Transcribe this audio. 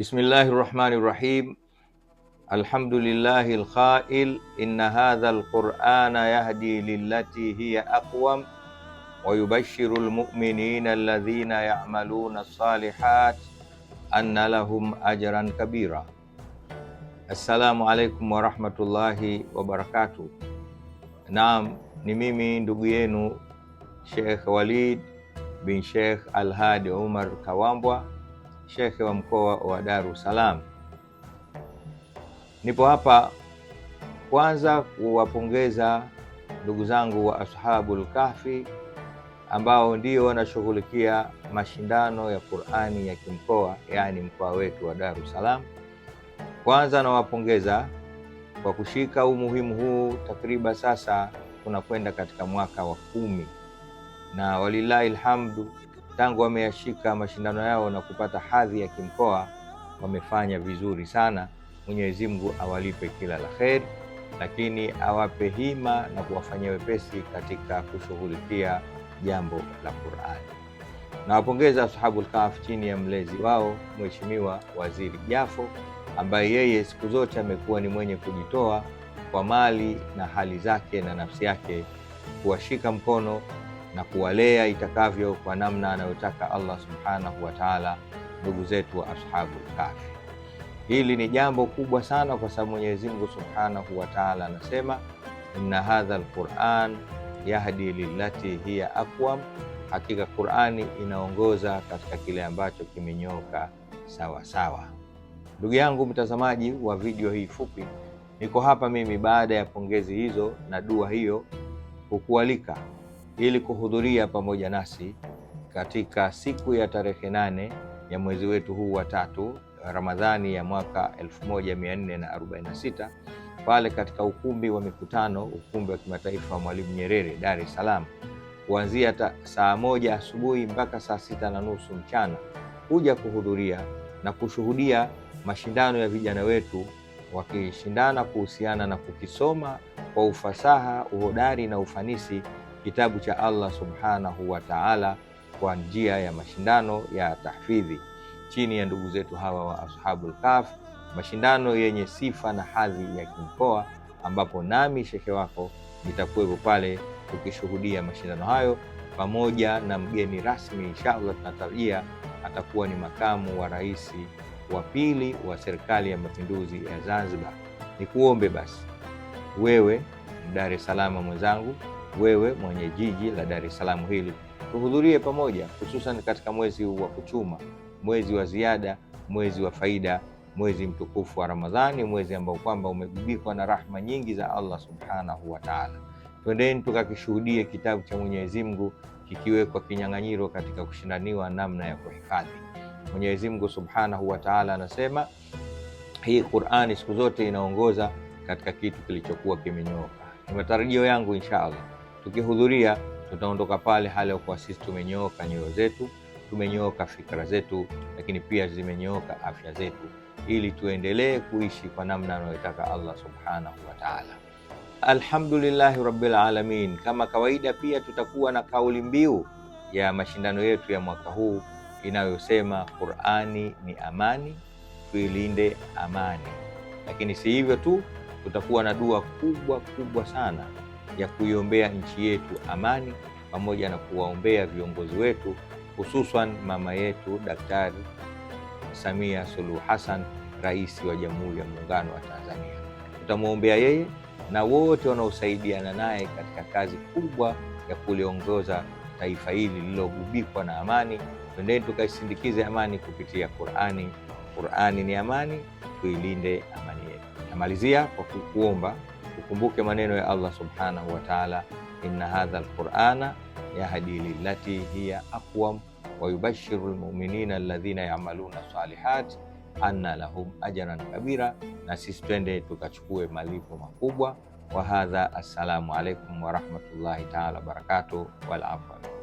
Bismillahi rahmani rahim. Alhamdulillahi lqail inna hadha lqurana yahdi lillati hiya aqwam wa yubashiru lmuminina alladhina yamaluna lsalihat anna lahum ajran kabira. Assalamu alaikum warahmatullahi wabarakatuh. Naam, ni mimi ndugu yenu Sheikh Walid bin Sheikh Alhadi Umar Kawambwa shekhe wa mkoa wa Dar es Salaam. Nipo hapa kwanza kuwapongeza ndugu zangu wa Ashabul Kahfi ambao ndio wanashughulikia mashindano ya Qur'ani ya kimkoa, yaani mkoa wetu wa Dar es Salaam. Kwanza nawapongeza kwa kushika umuhimu huu, takriban sasa tunakwenda katika mwaka wa kumi, na walilahi alhamdu tangu wameyashika mashindano yao na kupata hadhi ya kimkoa wamefanya vizuri sana. Mwenyezi Mungu awalipe kila la kheri, lakini awape hima na kuwafanyia wepesi katika kushughulikia jambo la Qur'ani. Nawapongeza Ashabul Kahf chini ya mlezi wao Mheshimiwa Waziri Jafo ambaye yeye siku zote amekuwa ni mwenye kujitoa kwa mali na hali zake na nafsi yake kuwashika mkono na kuwalea itakavyo kwa namna anayotaka Allah subhanahu wa taala ndugu zetu wa ashabu lkafi Hili ni jambo kubwa sana, kwa sababu Mwenyezi Mungu subhanahu wa taala anasema inna hadha lquran yahdi lillati hiya aqwam, hakika Qurani inaongoza katika kile ambacho kimenyoka sawasawa. Ndugu yangu mtazamaji wa video hii fupi, niko hapa mimi baada ya pongezi hizo na dua hiyo, hukualika ili kuhudhuria pamoja nasi katika siku ya tarehe nane ya mwezi wetu huu wa tatu Ramadhani ya mwaka 1446 pale katika ukumbi wa mikutano, ukumbi wa kimataifa wa Mwalimu Nyerere, Dar es Salaam, kuanzia saa moja asubuhi mpaka saa sita na nusu mchana, kuja kuhudhuria na kushuhudia mashindano ya vijana wetu wakishindana kuhusiana na kukisoma kwa ufasaha, uhodari na ufanisi kitabu cha Allah subhanahu wa taala kwa njia ya mashindano ya tahfidhi chini ya ndugu zetu hawa wa Ashabul Kaf, mashindano yenye sifa na hadhi ya kimkoa, ambapo nami shekhe wako nitakuwepo pale tukishuhudia mashindano hayo pamoja na mgeni rasmi inshallah, tunatarajia atakuwa ni makamu wa rais wa pili wa serikali ya mapinduzi ya Zanzibar. Nikuombe basi wewe Dar es Salaam mwenzangu wewe mwenye jiji la Dar es Salaam hili, tuhudhurie pamoja, hususan katika mwezi wa kuchuma, mwezi wa ziada, mwezi wa faida, mwezi mtukufu wa Ramadhani, mwezi ambao kwamba umegubikwa na rahma nyingi za Allah subhanahu wa taala. Twendeni tukakishuhudie kitabu cha Mwenyezi Mungu kikiwekwa kinyang'anyiro katika kushindaniwa namna ya kuhifadhi. Mwenyezi Mungu subhanahu wa taala anasema hii Qur'ani siku zote inaongoza katika kitu kilichokuwa kimenyoka Ni matarajio yangu insha Allah Tukihudhuria tutaondoka pale hali ya kuwa sisi tumenyooka nyoyo zetu, tumenyooka fikra zetu, lakini pia zimenyooka afya zetu, ili tuendelee kuishi kwa namna anayotaka Allah subhanahu wa taala. Alhamdulillahi rabbil alamin. Kama kawaida, pia tutakuwa na kauli mbiu ya mashindano yetu ya mwaka huu inayosema Qur'ani ni amani, tuilinde amani. Lakini si hivyo tu, tutakuwa na dua kubwa kubwa sana ya kuiombea nchi yetu amani, pamoja na kuwaombea viongozi wetu, hususan mama yetu Daktari Samia Suluhu Hassan, rais wa Jamhuri ya Muungano wa Tanzania. Tutamwombea yeye na wote wanaosaidiana naye katika kazi kubwa ya kuliongoza taifa hili lililogubikwa na amani. Twendeni tukaisindikize amani kupitia Qurani. Qurani ni amani, tuilinde amani yetu. Namalizia kwa kukuomba ukumbuke maneno ya Allah subhanahu wa taala, inna hadha alqurana yahdi lilati hiya aqwam wa yubashiru lmuminina alladhina yamaluna salihat anna lahum ajran kabira. Na sisi twende tukachukue malipo makubwa. Wa hadha, assalamu alaikum warahmatullahi taala wabarakatuh, wal afwa.